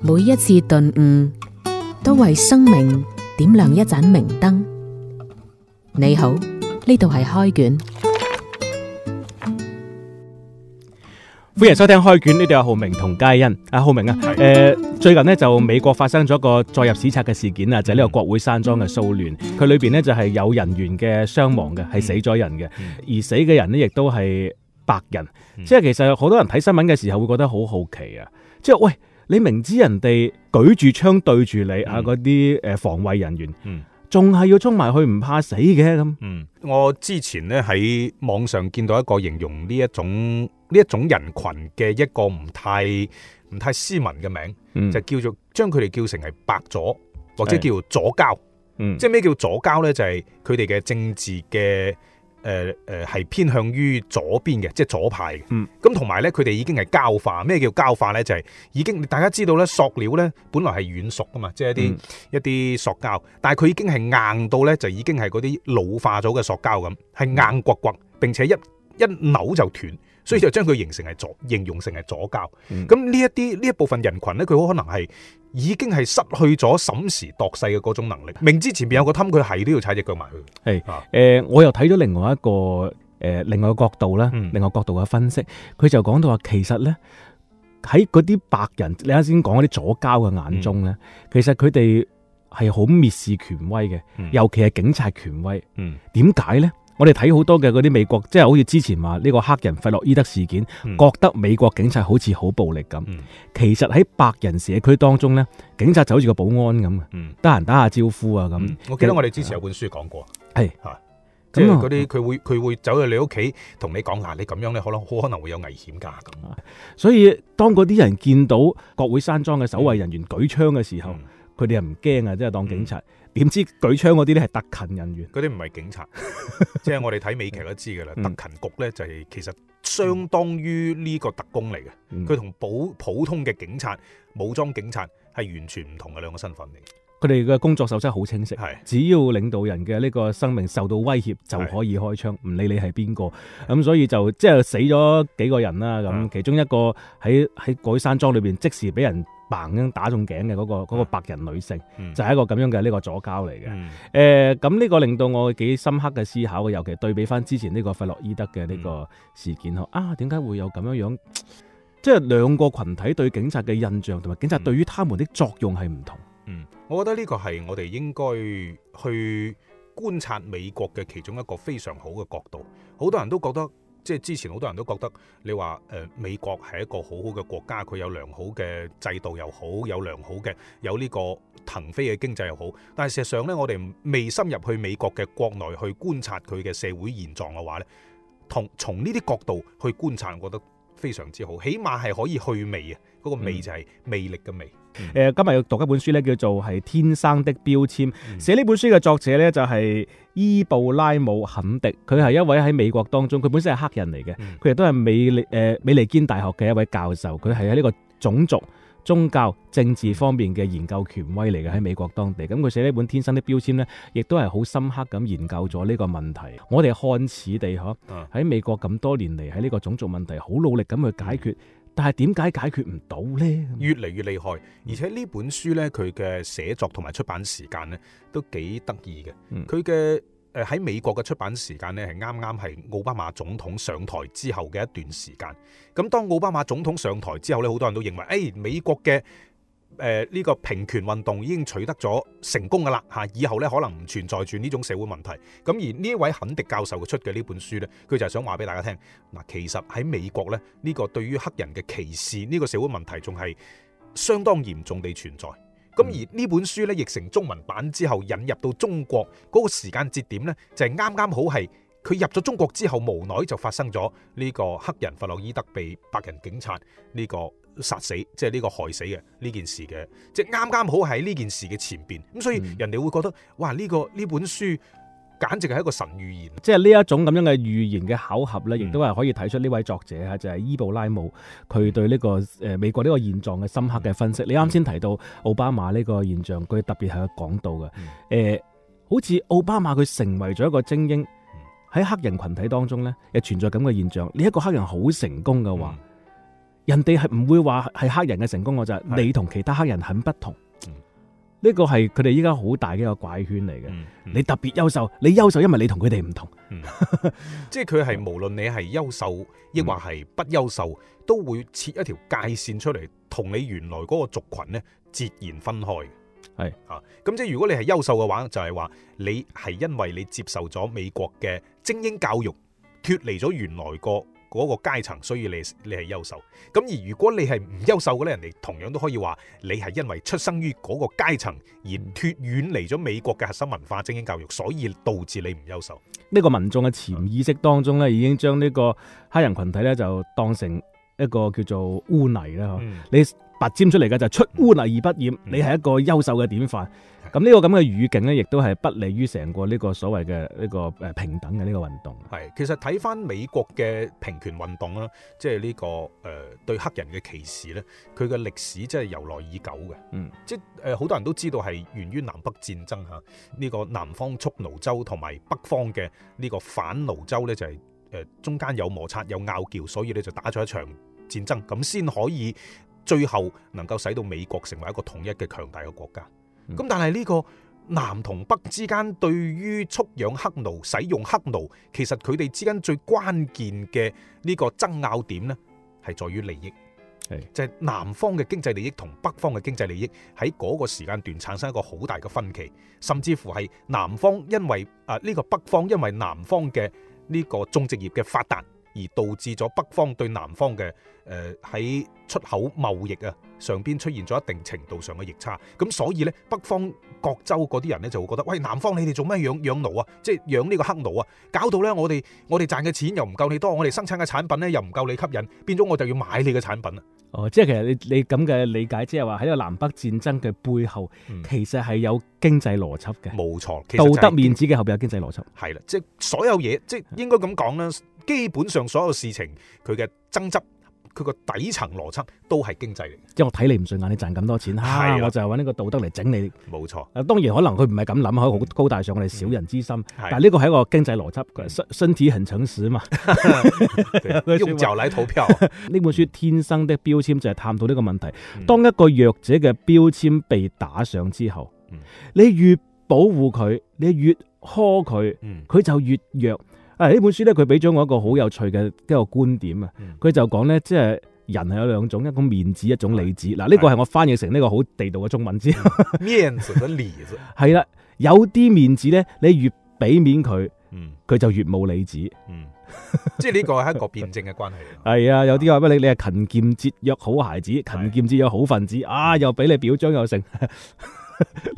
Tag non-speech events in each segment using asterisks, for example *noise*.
每一次頓悟，都為生命點亮一盞明燈。你好，呢度係開卷，歡迎收聽開卷。呢度係浩明同佳欣，阿、啊、浩明啊，誒的、呃，最近咧就美國發生咗個載入史冊嘅事件啊，就係、是、呢個國會山莊嘅騷亂，佢裏邊咧就係、是、有人員嘅傷亡嘅，係死咗人嘅，嗯、而死嘅人咧亦都係白人，即係、嗯、其實好多人睇新聞嘅時候會覺得好好奇啊。即係喂，你明知人哋舉住槍對住你啊，嗰啲誒防衛人員，嗯，仲係要衝埋去，唔怕死嘅咁。嗯，我之前咧喺網上見到一個形容呢一種呢一種人群嘅一個唔太唔太斯文嘅名，嗯，就叫做將佢哋叫成係白左，或者叫做左膠。嗯，即係咩叫左膠咧？就係佢哋嘅政治嘅。誒誒係偏向於左邊嘅，即係左派嘅。咁同埋咧，佢哋已經係膠化。咩叫膠化咧？就係、是、已經大家知道咧，塑料咧本來係軟熟噶嘛，即、就、係、是、一啲、嗯、一啲塑膠，但係佢已經係硬到咧，就已經係嗰啲老化咗嘅塑膠咁，係硬骨骨，並且一一扭就斷。所以就將佢形成係左應用，形容成係左膠。咁呢一啲呢一部分人群咧，佢好可能係已經係失去咗審時度勢嘅嗰種能力。明知前邊有個氹，佢係都要踩隻腳埋去。係誒是、啊呃，我又睇咗另外一個誒，呃另外嗯、另外角度咧，另外角度嘅分析，佢就講到話，其實咧喺嗰啲白人，你啱先講嗰啲左膠嘅眼中咧，嗯、其實佢哋係好蔑視權威嘅、嗯，尤其係警察權威。點解咧？我哋睇好多嘅嗰啲美國，即係好似之前話呢個黑人弗洛伊德事件，嗯、覺得美國警察好似好暴力咁。嗯、其實喺白人社區當中呢，警察就好似個保安咁得閒打下招呼啊咁。嗯、其實我記得我哋之前有本書講過，係啊，即係嗰啲佢會佢會走去你屋企同你講，嗱，你咁樣你可能好可能會有危險㗎咁。所以當嗰啲人見到國會山莊嘅守衛人員舉槍嘅時候，佢哋又唔驚啊，即係、就是、當警察。點知舉槍嗰啲咧係特勤人員，嗰啲唔係警察， *laughs* 即係我哋睇美劇都知㗎啦。 *laughs* 特勤局咧就係其實相當於呢個特工嚟嘅，佢同普普通嘅警察、武裝警察係完全唔同嘅兩個身份嚟。佢哋嘅工作手則好清晰，是只要領導人嘅呢個生命受到威脅就可以開槍，唔理是你係邊個。咁、嗯嗯、所以就即係死咗幾個人啦。咁、嗯、其中一個喺喺嗰山莊裏邊即時俾人嘭打中頸嘅嗰個、那個白人女性，嗯、就係一個咁樣嘅呢個左膠嚟嘅。誒、嗯，咁呢、呃、個令到我幾深刻嘅思考嘅，尤其對比翻之前呢個弗洛伊德嘅呢個事件，嗯、啊，點解會有咁樣樣？即係兩個群體對警察嘅印象同埋警察對於他們的作用係唔同。嗯。我覺得呢個係我哋應該去觀察美國嘅其中一個非常好嘅角度。好多人都覺得，即係之前好多人都覺得，你話誒美國係一個好好嘅國家，佢有良好嘅制度又好，有良好嘅有呢個騰飛嘅經濟又好。但係事實上呢，我哋未深入去美國嘅國內去觀察佢嘅社會現狀嘅話呢同從呢啲角度去觀察，我覺得。非常之好，起碼係可以去魅啊！嗰、那個魅就係魅力嘅魅。誒、嗯，今日要讀一本書呢，叫做《係天生的標籤》。嗯、寫呢本書嘅作者呢，就係伊布拉姆肯迪，佢係一位喺美國當中，佢本身係黑人嚟嘅，佢亦都係美利誒、呃、美利堅大學嘅一位教授，佢係喺呢個種族。宗教政治方面嘅研究權威嚟嘅，喺美國當地。咁佢寫呢本《天生的標籤》呢，亦都係好深刻咁研究咗呢個問題。我哋看似地嗬，喺美國咁多年嚟喺呢個種族問題好努力咁去解決，但係點解解決唔到呢？越嚟越厲害，而且呢本書呢，佢嘅寫作同埋出版時間呢，都幾得意嘅，佢嘅喺美國嘅出版時間咧，係啱啱係奧巴馬總統上台之後嘅一段時間。咁當奧巴馬總統上台之後咧，好多人都認為，誒美國嘅誒呢個平權運動已經取得咗成功㗎啦，嚇！以後咧可能唔存在住呢種社會問題。咁而呢位肯迪教授出嘅呢本書呢，佢就係想話俾大家聽，嗱其實喺美國呢，呢個對於黑人嘅歧視，呢個社會問題仲係相當嚴重地存在。咁而呢本書呢，譯成中文版之後引入到中國嗰個時間節點呢，就係啱啱好係佢入咗中國之後，無奈就發生咗呢個黑人弗洛伊德被白人警察呢個殺死，即係呢個害死嘅呢件事嘅，即係啱啱好喺呢件事嘅前邊。咁所以人哋會覺得，哇！呢個呢本書。簡直係一個神預言，即係呢一種咁樣嘅預言嘅巧合呢，亦都係可以睇出呢位作者啊，就係、是、伊布拉姆佢對呢、這個誒、呃、美國呢個現狀嘅深刻嘅分析。嗯、你啱先提到奧巴馬呢個現象，佢特別係講到嘅，誒、嗯欸，好似奧巴馬佢成為咗一個精英喺黑人群體當中呢，又存在咁嘅現象。你一個黑人好成功嘅話，嗯、人哋係唔會話係黑人嘅成功，我就係、是、你同其他黑人很不同。是呢個係佢哋依家好大嘅一個怪圈嚟嘅，嗯、你特別優秀，你優秀，因為你同佢哋唔同， *laughs* 嗯、即係佢係無論你係優秀抑或係不優秀，嗯、都會設一條界線出嚟，同你原來嗰個族群呢截然分開係是啊，咁即係如果你係優秀嘅話，就係、是、話你係因為你接受咗美國嘅精英教育，脫離咗原來個。嗰個階層，所以你你係優秀。咁而如果你係唔優秀嘅咧，人哋同樣都可以話你係因為出生於嗰個階層而脫遠離咗美國嘅核心文化精英教育，所以導致你唔優秀。呢個民眾嘅潛意識當中咧，已經將呢個黑人群體咧就當成一個叫做污泥啦。嗬、嗯，你。拔尖出嚟嘅就出污泥而不染，嗯、你係一個優秀嘅典範。咁呢個咁嘅語境咧，亦都係不利於成個呢個所謂嘅呢個誒平等嘅呢個運動。係，其實睇翻美國嘅平權運動啦，即係呢個誒、呃、對黑人嘅歧視咧，佢嘅歷史即係由來已久嘅。嗯，即係誒好多人都知道係源於南北戰爭嚇，呢、啊這個南方蓄奴州同埋北方嘅呢個反奴州咧就係、是、誒、呃、中間有摩擦有拗撬，所以咧就打咗一場戰爭，咁先可以。最後能夠使到美國成為一個統一嘅強大嘅國家。咁但係呢個南同北之間，對於蓄養黑奴、使用黑奴，其實佢哋之間最關鍵嘅呢個爭拗點呢，係在於利益，是就係南方嘅經濟利益同北方嘅經濟利益喺嗰個時間段產生一個好大嘅分歧，甚至乎係南方因為啊呢個北方因為南方嘅呢個種植業嘅發達。而導致咗北方對南方嘅誒喺出口貿易啊上邊出現咗一定程度上嘅逆差，咁所以咧北方各州嗰啲人咧就會覺得，喂，南方你哋做咩養養奴、er、啊？即係養呢個黑奴啊？搞到咧我哋我哋賺嘅錢又唔夠你多，我哋生產嘅產品咧又唔夠你吸引，變咗我就要買你嘅產品啊！哦，即係其實你你咁嘅理解，即係話喺個南北戰爭嘅背後，其實係有經濟邏輯嘅、嗯，冇錯、嗯。Achieve, 道德面子嘅後邊有經濟邏輯、就是，係啦，即係所有嘢，即係應該咁講啦。基本上所有事情，佢嘅爭執，佢個底層邏輯都係經濟嚟。即係我睇你唔順眼，你賺咁多錢，吓、啊啊、我就係搵呢個道德嚟整你。冇錯錯。當然可能佢唔係咁諗，可能好高大上，我哋小人之心。嗯、但係呢個係一個經濟邏輯，佢身體很誠實啊嘛。 *laughs* 對用腳來投票。呢 *laughs* *laughs* 本書《天生的標籤》就係探討呢個問題：當一個弱者嘅標籤被打上之後，你越保護佢，你越呵佢，佢就，就越弱。 *laughs* 啊！呢本書咧，佢俾咗我一個好有趣嘅一個觀點啊。佢就講咧，即係人係有兩種，一種面子，一種理子。嗱，呢個係我翻譯成呢個好地道嘅中文字。面子嘅裏子係啦，有啲面子咧，你越俾面佢，佢就越冇理子。嗯，即係呢個係一個辯證嘅關係。係啊，有啲話乜你你係勤儉節約好孩子，勤儉節約好份子啊，又俾你表彰又成。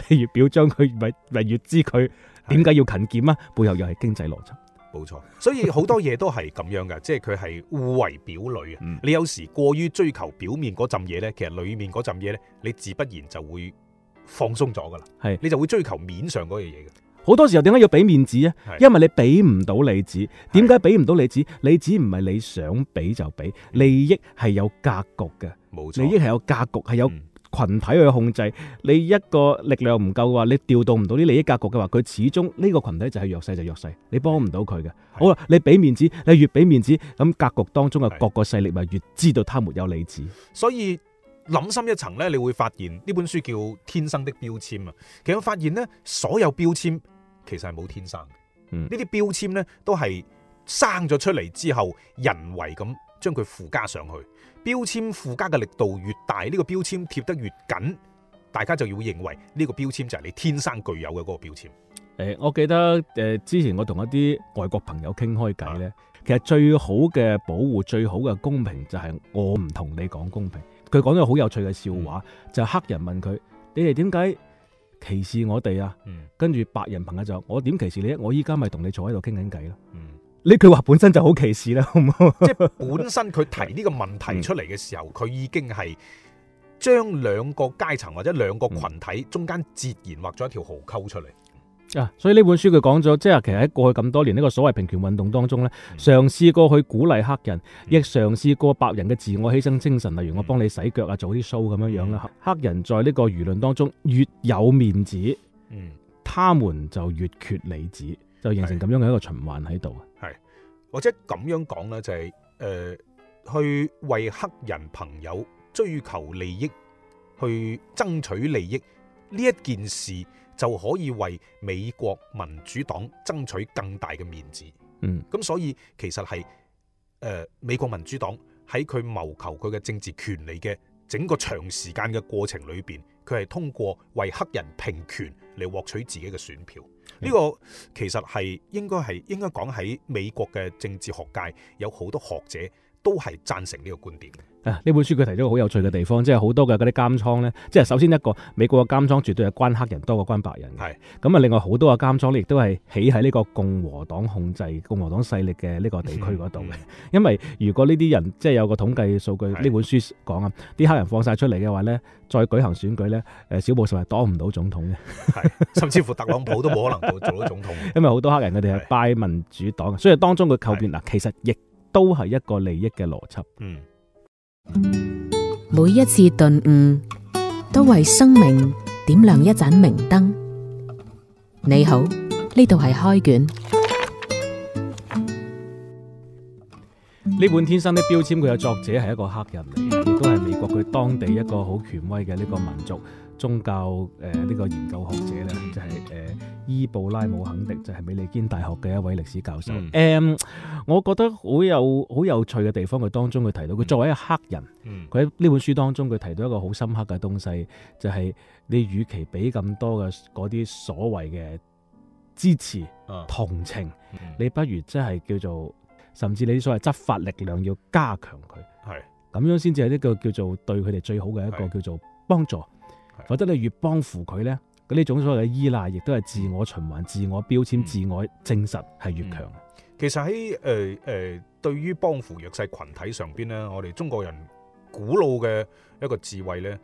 你越表彰佢，咪咪越知佢點解要勤儉啊？背後又係經濟邏輯。冇錯，所以好多嘢都係咁樣噶， *laughs* 即係佢係互為表裏啊。你有時過於追求表面嗰陣嘢咧，其實裏面嗰陣嘢咧，你自不然就會放鬆咗噶啦。係，你就會追求面上嗰樣嘢嘅。好多時候點解要俾面子啊？是 因為你俾唔到裏子。點解俾唔到裏子？裏子唔係你想俾就俾，利益係有格局嘅。冇錯，利益係有格局，係有。嗯群體去控制你一個力量唔夠嘅話，你調動唔到啲利益格局嘅話，佢始終呢個群體就係弱勢就弱勢，你幫唔到佢嘅。是的 好啦，你俾面子，你越俾面子，咁格局當中嘅各個勢力咪越知道他沒有理智。所以諗深一層呢，你會發現呢本書叫《天生的標籤》啊，其實發現呢，所有標籤其實係冇天生，呢啲、嗯、標籤呢，都係生咗出嚟之後，人為咁。將佢附加上去，標籤附加嘅力度越大，呢、這個標籤貼得越緊，大家就要認為呢個標籤就係你天生具有嘅嗰個標籤。誒、欸，我記得誒、呃，之前我同一啲外國朋友傾開偈咧，的其實最好嘅保護、最好嘅公平就係我唔同你講公平。佢講咗個好有趣嘅笑話，嗯、就係黑人問佢：你哋點解歧視我哋啊？嗯、跟住白人朋友就：我點歧視你？我依家咪同你坐喺度傾緊偈咯。嗯呢句話本身就好歧視啦，好唔好？即係本身佢提呢個問題出嚟嘅時候，佢、 *laughs* 嗯、已經係將兩個階層或者兩個群體中間截然劃咗一條壕溝出嚟。啊，所以呢本書佢講咗，即係其實喺過去咁多年呢、這個所謂平權運動當中呢，嘗試、嗯、過去鼓勵黑人，亦嘗試過白人嘅自我犧牲精神，例如我幫你洗腳啊，做啲 show 咁、嗯、樣樣啦。黑人在呢個輿論當中越有面子，嗯，他們就越缺理智。就形成咁樣嘅一個循環喺度啊，係或者咁樣講咧，就係、是、誒、呃、去為黑人朋友追求利益，去爭取利益呢一件事，就可以為美國民主黨爭取更大嘅面子。嗯，咁所以其實係誒、呃、美國民主黨喺佢謀求佢嘅政治權利嘅整個長時間嘅過程裏邊。佢係通過為黑人平權嚟獲取自己嘅選票，呢個其實係應該係應該講喺美國嘅政治學界有好多學者。都係贊成呢個觀點。啊，呢本書佢提咗個好有趣嘅地方，即係好多嘅嗰啲監倉咧，即係首先一個美國嘅監倉絕對係關黑人多過關白人，係咁啊。另外好多嘅監倉亦都係起喺呢個共和黨控制、共和黨勢力嘅呢個地區嗰度嘅。因為如果呢啲人即係有個統計數據，呢本書講啊，啲黑人放晒出嚟嘅話咧，再舉行選舉咧，誒小布什係當唔到總統嘅，甚至乎特朗普都冇可能做做到總統。因為好多黑人佢哋係拜民主黨，所以當中嘅構建嗱，其實亦。都係一個利益嘅邏輯。嗯，每一次頓悟都為生命點亮一盞明燈。你好，呢度係開卷。呢本《天生的標籤》，佢嘅作者係一個黑人嚟嘅。佢當地一個好權威嘅呢個民族宗教誒呢、呃這個研究學者咧，就係、是、誒、呃、伊布拉姆肯迪，就係、是、美利堅大學嘅一位歷史教授。誒、嗯，um, 我覺得好有好有趣嘅地方，佢當中佢提到，佢作為一個黑人，佢喺呢本書當中佢提到一個好深刻嘅東西，就係、是、你與其俾咁多嘅嗰啲所謂嘅支持、啊、同情，嗯、你不如即係叫做甚至你所謂執法力量要加強佢。係、嗯。咁樣先至係一個叫做對佢哋最好嘅一個叫做幫助，的否則你越幫扶佢呢，嗰呢的種所謂嘅依賴，亦都係自我循環、嗯、自我標籤、嗯、自我證實係越強、嗯。其實喺誒誒，對於幫扶弱勢群體上邊呢，我哋中國人古老嘅一個智慧呢，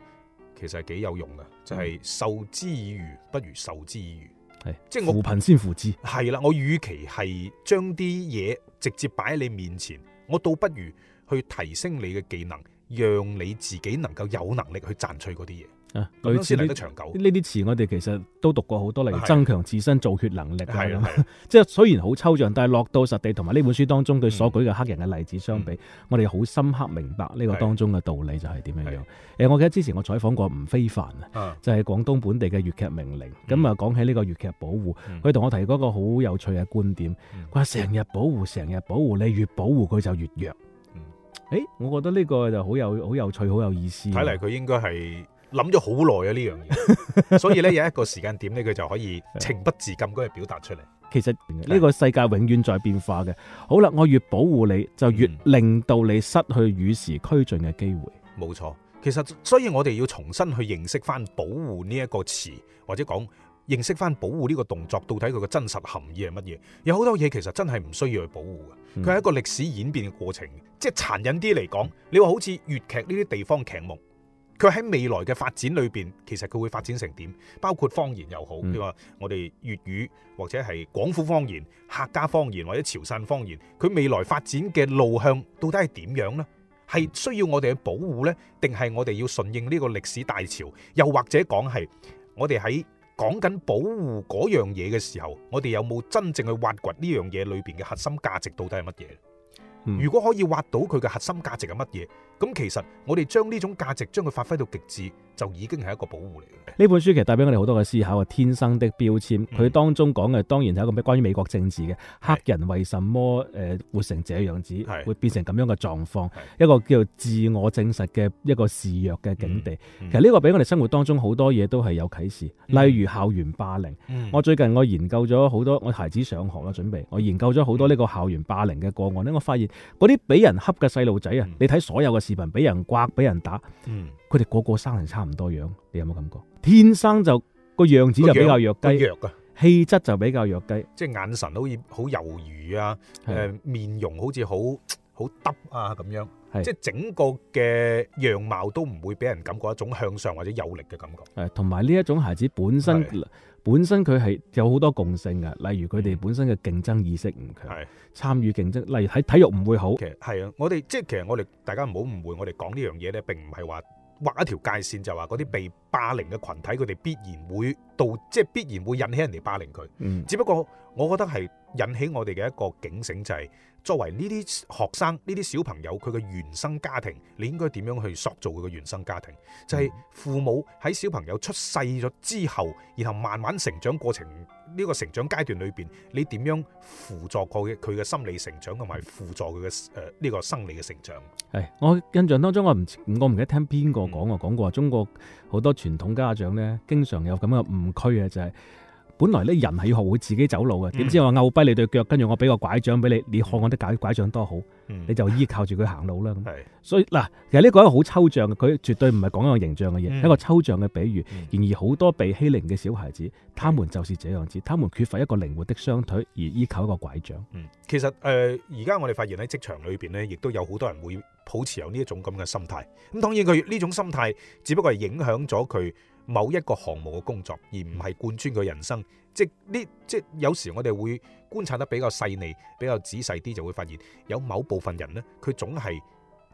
其實係幾有用嘅，就係、是、授之以魚、嗯、不如授之以漁，係的即係扶貧先扶志」。係啦，我與其係將啲嘢，直接擺喺你面前，我倒不如。去提升你嘅技能，讓你自己能夠有能力去賺取嗰啲嘢，咁先嚟得長久。呢啲詞我哋其實都讀過好多嚟，增強自身造血能力，係咁。即係雖然好抽象，但係落到實地，同埋呢本書當中佢所舉嘅黑人嘅例子相比，我哋好深刻明白呢個當中嘅道理就係點樣樣。誒，我記得之前我採訪過吳非凡啊，就係廣東本地嘅粵劇名伶。咁啊，講起呢個粵劇保護，佢同我提過一個好有趣嘅觀點，佢話成日保護，成日保護，你越保護佢就越弱。誒、欸，我覺得呢個就好有好有趣，好有意思。睇嚟佢應該係諗咗好耐啊呢樣嘢， *laughs* 所以咧有一個時間點咧，佢就可以情不自禁咁去表達出嚟。其實呢個世界永遠在變化嘅。好啦，我越保護你就越令到你失去與時俱進嘅機會。冇錯、嗯，其實所以我哋要重新去認識翻保護呢一個詞，或者講。認識翻保護呢個動作到底佢嘅真實含義係乜嘢？有好多嘢其實真係唔需要去保護嘅。佢係一個歷史演變嘅過程，嗯、即係殘忍啲嚟講，你話好似粵劇呢啲地方劇目，佢喺未來嘅發展裏邊，其實佢會發展成點？包括方言又好，嗯、譬如話我哋粵語或者係廣府方言、客家方言或者潮汕方言，佢未來發展嘅路向到底係點樣呢？係需要我哋去保護呢？定係我哋要順應呢個歷史大潮？又或者講係我哋喺？講緊保護嗰樣嘢嘅時候，我哋有冇真正去挖掘呢樣嘢裏邊嘅核心價值到底係乜嘢？嗯、如果可以挖到佢嘅核心價值係乜嘢，咁其實我哋將呢種價值將佢發揮到極致。就已經係一個保護嚟嘅。呢本書其實帶俾我哋好多嘅思考啊！天生的標籤，佢當中講嘅當然係一個咩，關於美國政治嘅黑人為什麼誒活成這樣子，會變成咁樣嘅狀況，一個叫做自我證實嘅一個示弱嘅境地。其實呢個俾我哋生活當中好多嘢都係有啟示，例如校園霸凌。我最近我研究咗好多，我孩子上學嘅準備我研究咗好多呢個校園霸凌嘅個案。呢我發現嗰啲俾人恰嘅細路仔啊，你睇所有嘅視頻，俾人刮，俾人打，佢哋個個生人差。唔多樣，你有冇感覺？天生就個樣子就比較弱雞，氣質樣就比較弱雞，即係眼神好似好猶豫啊，誒的、呃，面容好似好好耷啊咁樣，的即係整個嘅樣貌都唔會俾人感覺一種向上或者有力嘅感覺。誒，同埋呢一種孩子本身的本身佢係有好多共性嘅，例如佢哋本身嘅競爭意識唔強，參與競爭，例如喺體育唔會好。其實係啊，我哋即係其實我哋大家唔好誤會，我哋講呢樣嘢咧，並唔係話。畫一條界線，就話嗰啲被霸凌嘅群體，佢哋必然會導，即係必然會引起人哋霸凌佢。嗯、只不過，我覺得係引起我哋嘅一個警醒，就係、是、作為呢啲學生、呢啲小朋友，佢嘅原生家庭，你應該點樣去塑造佢嘅原生家庭？就係、是、父母喺小朋友出世咗之後，然後慢慢成長過程。呢個成長階段裏邊，你點樣輔助佢佢嘅心理成長，同埋輔助佢嘅誒呢個生理嘅成長？係、哎，我印象當中，我唔我唔記得聽邊個講啊，講、嗯、過中國好多傳統家長咧，經常有咁嘅誤區嘅就係、是。本來咧，人係要學會自己走路嘅，點、嗯、知我拗跛你對腳，跟住我俾個拐杖俾你，你看我啲拐拐杖多好，嗯、你就依靠住佢行路啦咁。是所以嗱，其實呢個係一個好抽象嘅，佢絕對唔係講一個形象嘅嘢，嗯、一個抽象嘅比喻。嗯、然而好多被欺凌嘅小孩子，嗯、他們就是這樣子，他們缺乏一個靈活的雙腿而依靠一個拐杖、嗯。其實誒，而、呃、家我哋發現喺職場裏邊呢，亦都有好多人會抱持有呢一種咁嘅心態。咁當然佢呢種心態，只不過係影響咗佢，某一個項目嘅工作，而唔係貫穿佢人生，即係呢，即有時我哋會觀察得比較細膩、比較仔細啲，就會發現有某部分人呢，佢總係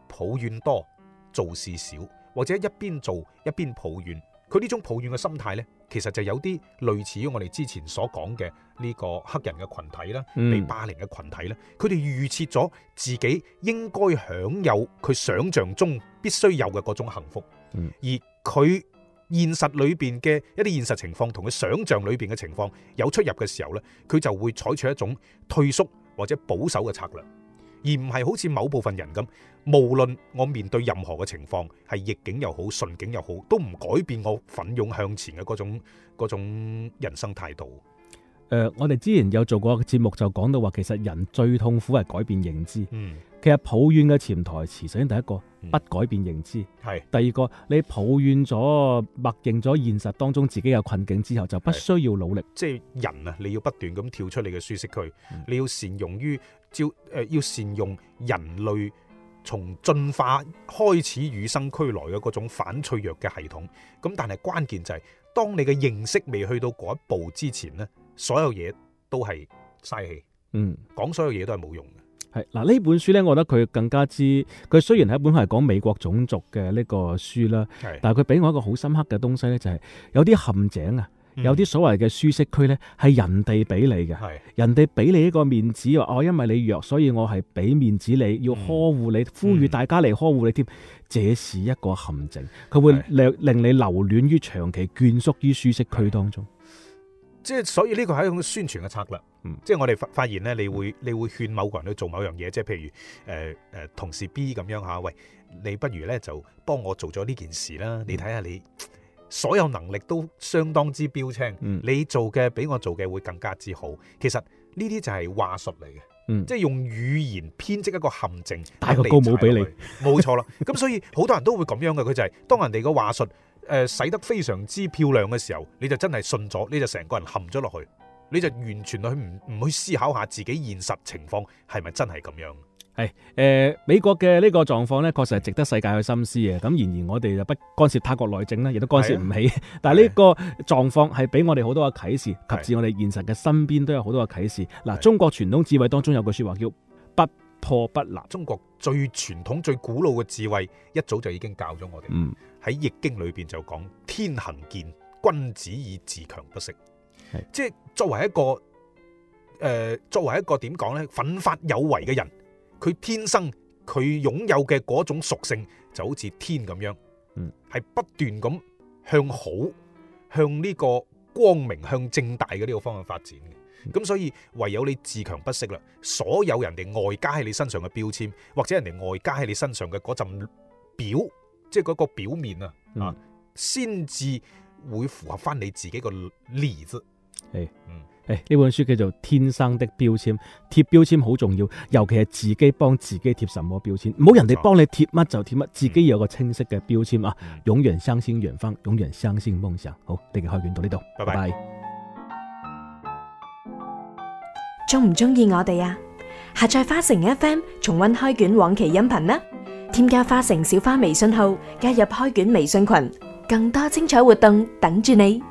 抱怨多、做事少，或者一邊做一邊抱怨。佢呢種抱怨嘅心態呢，其實就有啲類似於我哋之前所講嘅呢個黑人嘅群體啦，被霸凌嘅群體呢，佢哋預設咗自己應該享有佢想象中必須有嘅嗰種幸福，嗯、而佢，現實裏邊嘅一啲現實情況同佢想象裏邊嘅情況有出入嘅時候呢，佢就會採取一種退縮或者保守嘅策略，而唔係好似某部分人咁，無論我面對任何嘅情況，係逆境又好，順境又好，都唔改變我奮勇向前嘅嗰種，嗰種人生態度。誒、呃，我哋之前有做過個節目就講到話，其實人最痛苦係改變認知。嗯。其實抱怨嘅潛台詞，首先第一個不改變認知，係、嗯、第二個你抱怨咗、默認咗現實當中自己有困境之後，就不需要努力。即係人啊，你要不斷咁跳出你嘅舒適區，嗯、你要善用於招誒，要善用人類從進化開始與生俱來嘅嗰種反脆弱嘅系統。咁但係關鍵就係、是，當你嘅認識未去到嗰一步之前呢，所有嘢都係嘥氣。嗯，講所有嘢都係冇用。係嗱，呢本書咧，我覺得佢更加之，佢雖然係一本係講美國種族嘅呢個書啦，是但係佢俾我一個好深刻嘅東西咧，就係、是、有啲陷阱啊，嗯、有啲所謂嘅舒適區咧，係是人哋俾你嘅，人哋俾你一個面子，哦，因為你弱，所以我係俾面子你，要呵護你，呼籲大家嚟呵護你，添、嗯，這是一個陷阱，佢會令你留戀於長期蜷縮於舒適區當中。即係所以呢個係一種宣傳嘅策略，嗯、即係我哋發發現咧，你會你會勸某個人去做某樣嘢，即係譬如誒誒、呃、同事 B 咁樣嚇，喂，你不如咧就幫我做咗呢件事啦，你睇下你所有能力都相當之標青，嗯、你做嘅比我做嘅會更加之好。其實呢啲就係話術嚟嘅，嗯、即係用語言編織一個陷阱，帶個高帽俾給你，冇 *laughs* 錯啦。咁所以好多人都會咁樣嘅，佢就係、是、當人哋個話術。誒，洗得非常之漂亮嘅時候，你就真係信咗，你就成個人陷咗落去，你就完全去唔唔去思考下自己現實情況係咪真係咁樣？係誒、呃，美國嘅呢個狀況咧，確實係值得世界去深思嘅。咁然而我哋就不干涉他國內政咧，亦都干涉唔起。啊、但係呢個狀況係俾我哋好多嘅啟示，啊、及至我哋現實嘅身邊都有好多嘅啟示。嗱、啊，中國傳統智慧當中有句說話叫。破不立，中國最傳統、最古老嘅智慧，一早就已經教咗我哋。喺、嗯，《易經》裏邊就講天行健，君子以自強不息。的即係作為一個誒、呃，作為一個點講呢，奮發有為嘅人，佢天生佢擁有嘅嗰種屬性，就好似天咁樣，係、嗯、不斷咁向好，向呢個光明、向正大嘅呢個方向發展咁所以唯有你自強不息啦，所有人哋外加喺你身上嘅標籤，或者人哋外加喺你身上嘅嗰陣表，即係嗰個表面啊，啊、嗯，先至會符合翻你自己個裏子。係，嗯，誒，呢本書叫做《天生的標籤》，貼標籤好重要，尤其係自己幫自己貼什麼標籤，唔好人哋幫你貼乜就貼乜，嗯、自己有個清晰嘅標籤啊！永遠相信遠方，永遠相信夢想。好，呢個開卷到呢度，拜拜。拜拜鍾唔鍾意我哋呀？下載花城 FM 重溫開卷往期音頻啦！添加花城小花微信號，加入開卷微信群，更多精彩活動等住你。